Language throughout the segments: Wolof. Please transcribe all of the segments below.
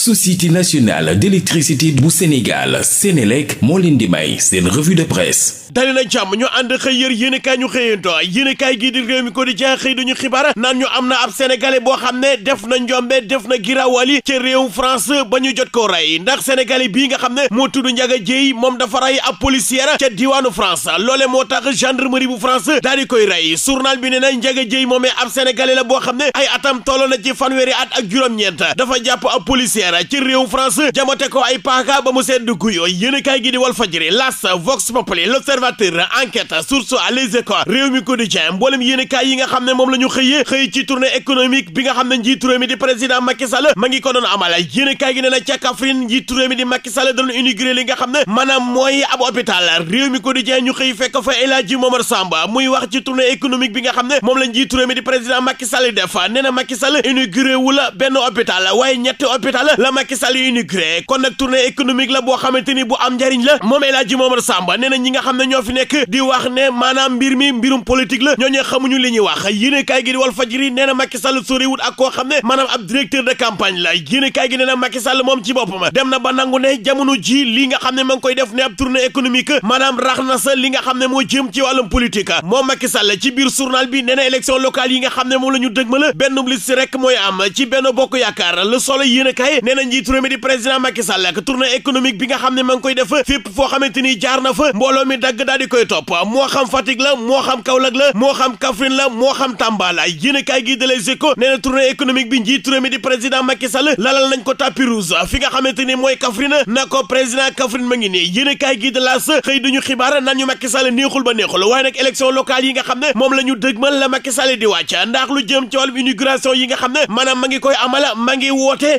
société nationale d'électricité bu Sénégal Sénélec moo leen di may seen revue de presse dali na jàmm ñu ànd xëy yër yéenekaay ñu xëyanto yéenekaay gii di réew mi ko di jeex xëy duñu xibaar naan ñu am na ab sénégalais boo xam ne def na njombe def na girawali ci réew France ba ñu jot ko rey ndax sénégalais bii nga xam ne moo tudd Njaga Jéey moom dafa rey ab policière ca diwaanu France loole moo tax gendarmerie bu France daal di koy rey journal bi ne na Njaga Jéey moomee ab boo xam ne ay atam na ci ak juróom-ñeent dafa jàpp ab militaire ci réew France jamate ko ay paaka ba mu sedd guyo yéenekaay gi di Walf Fadjri L'As Vox Populi L'Observateur Enquête Source A Les Échos Rewmi Quotidien mboolem yéenekaay yi nga xam ne moom la ñu xëyee xëy ci tournée économique bi nga xam ne njiitu réew mi di président Macky Sall ma ngi ko doon amal yéenekaay gi ne na ca Kaffrine njiitu réew mi di Macky Sall doon li nga xam ne maanaam mooy ab hôpital Rewmi Quotidien ñu xëy fekk fa El Hadji Momar Samba muy wax ci tournée économique bi nga xam ne moom la njiitu réew mi di président Macky Sall def nee na Macky Sall inauguré wu la waaye ñetti hôpital la Macky Sall inauguré kon nag tournée économique la boo xamante ni bu am njariñ la moom El Hadji moom Samba nee na ñi nga xam ne ñoo fi nekk di wax ne maanaam mbir mi mbirum politique la ñoo ñooñu xamuñu li ñuy wax yéene kaay gi di Walf Fadjri nee na Macky Sall soriwut ak koo xam ne maanaam ab directeur de campagne la yéene kaay gi nee na Macky Sall moom ci boppam dem na ba nangu ne jamono ji li nga xam ne ma ngi koy def ne ab tournée économique maanaam rax na sa li nga xam ne moo jëm ci wàllum politique moom Macky Sall ci biir journal bi nee na élection locale yi nga xam ne moom la ñu dëgmal benn liste rek mooy am ci benn bokk yaakaar le solo yéene nee na njiitu réew mi di président Macky Sall ak tournée économique bi nga xam ne ma ngi koy def fépp foo xamante ni jaar na fa mbooloo mi dagg daal topp moo xam Fatick la moo xam Kaolack la moo xam Kaffrine la moo xam Tamba la yéenekaay gi de Les Échos nee na tournée bi njiitu réew mi di président Macky Sall lalal nañ ko tapis rouge fi nga xamante ni mooy Kaffrine na ko président Kaffrine ma ngi nii yéenekaay gi de L'As xëy duñu xibaar naan ñu Macky Sall neexul ba neexul waaye nag élection locale yi moom la ñu dëgmal la Macky Sall di wàcc ndax ne maanaam ma ngi koy amal ma ngi woote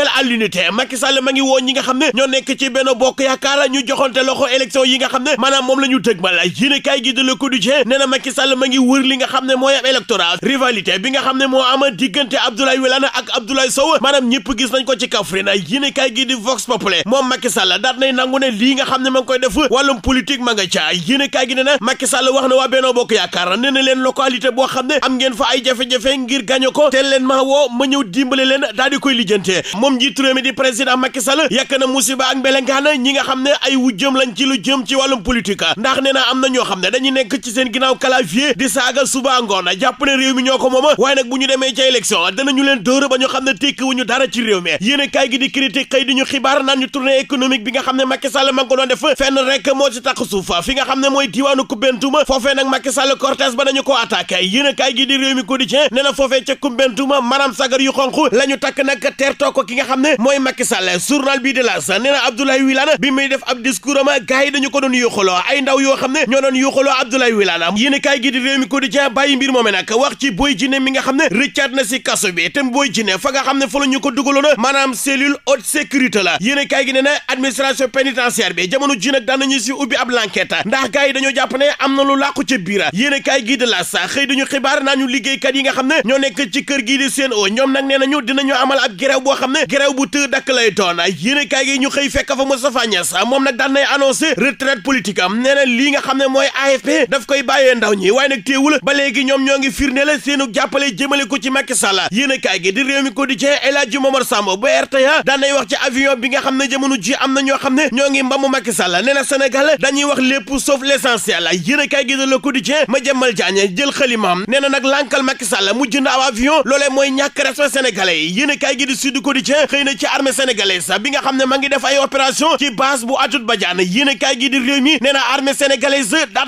appel à l'unité Macky Sall ma ngi woo ñi nga xam ne ñoo nekk ci benn bokk yaakaar ñu joxante loxo élection yi nga xam ne maanaam moom la ñu dëgmal yéene kaay gi de ma ngi wër ne mooy ab électorat bi nga xam ne moo ama diggante Abdoulaye Wilane ak Abdoulaye Sow maanaam ñëpp gis nañ ko ci Kaffrine yéene kaay gi di Vox Populi moom Macky Sall daat nay ne lii nga xam ne ma ngi koy def wàllum politique ma nga ca yéene kaay gi ne na Macky Sall wax na waa Benno Bokk Yaakaar nee na leen localité boo xam ne am ngeen fa ay jafe-jafe ngir gàño ko teel leen ma woo ma ñëw dimbale leen daal di koy lijjante moom mi di président Macky Sall na musiba ak mbelenkaana ñi nga xam ne ay wujjëm lañ ci lu jëm ci wàllum politique ndax nee am na ñoo xam ne dañuy nekk ci seen ginnaaw clavier di saaga suba ngoon jàpp ne réew mi ñoo ko mooma waaye nag bu ñu demee ca élection danañu leen dóor ba ñu xam ne tekki wu ñu dara ci réew mi yéen kaay gi di critique xëy di ñu xibaar naan ñu tournée bi nga xam ne Macky Sall def fenn rek moo ci takk nga xam ne mooy Macky Sall journal bii de la sa nee na Abdoulaye Wilane bi muy def ab discours ama yi dañu ko doon yuuxaloo ay ndaw yoo xam ne ñoo doon yuuxaloo Abdoulaye Wilane yéen a kaay gi di réew mi quotidien bàyyi mbir moome nag wax ci Boy Djiné mi nga xam ne rëccaat na si kaso bi te Boy Djiné fa nga xam ne fa la ñu ko dugaloona maanaam cellule haute sécurité la yéen a kaay gi ne na administration pénitentiaire bi jamono ji nag daan nañu si ubbi ab l'enquête ndax gars yi ne am na lu làqu ca biira yéen a kaay la sa xëy xibaar naa ñu liggéeykat yi nga xam ne ñoo nekk ci kër gii di seen o ñoom nag nee nañu dinañu amal ab grève boo xam ne grève bu tëdd dakk lay doon yéenekaay gi ñu xëy fekk fa Moustapha Niasse moom nag daan nay annoncé retraite politique am nee na lii nga xam ne mooy AFP daf koy bàyyee ndaw ñi waaye nag téewul ba léegi ñoom ñoo ngi firnde la seenu jàppale jëmale ko ci Macky Sall yéenekaay gi di réew mi quotidien El Hadji Momar Samb bu RTA daan nay wax ci avion bi nga xam ne jamono ji am na ñoo xam ne ñoo ngi mbamu Macky Sall nee na Sénégal dañuy wax lépp sauf l'essentiel yéenekaay gi di le quotidien ma jëmmal jaañe jël xalimaam nee na nag lànkal Macky Sall mujj na aw avion loolee mooy ñàkk respect Quotidien xëy na ci armée sénégalaise bi nga xam ne ma ngi def ay opération ci base bu Adjout Badiane yéen kaay di réew mi nee na armée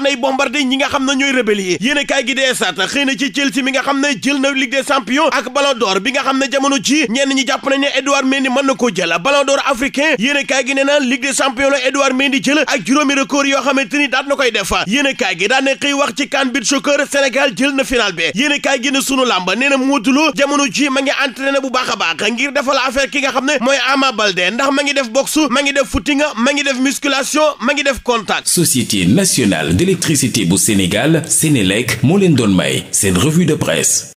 nay bombardé ñi nga xam ne ñooy rebelle yi yéen kaay gi di esaat xëy na ci Chelsea mi nga xam ne jël na Ligue des champions ak Ballon d'or bi nga xam ne jamono ji ñenn ñi jàpp nañ ne Edouard mën na ko jël Ballon d'or africain yéen kaay gi nee na Ligue la Edouard Mendy jël ak juróomi record yoo xamante ni daan na koy na xëy wax ma ngi a baax affaire ki nga xam ne mooy Ama Baldé ndax ma ngi def boxe ma ngi def footing ma ngi def musculation ma ngi def contact. Société nationale d'électricité bu Sénégal Sénélec moo leen doon may seen revue de presse.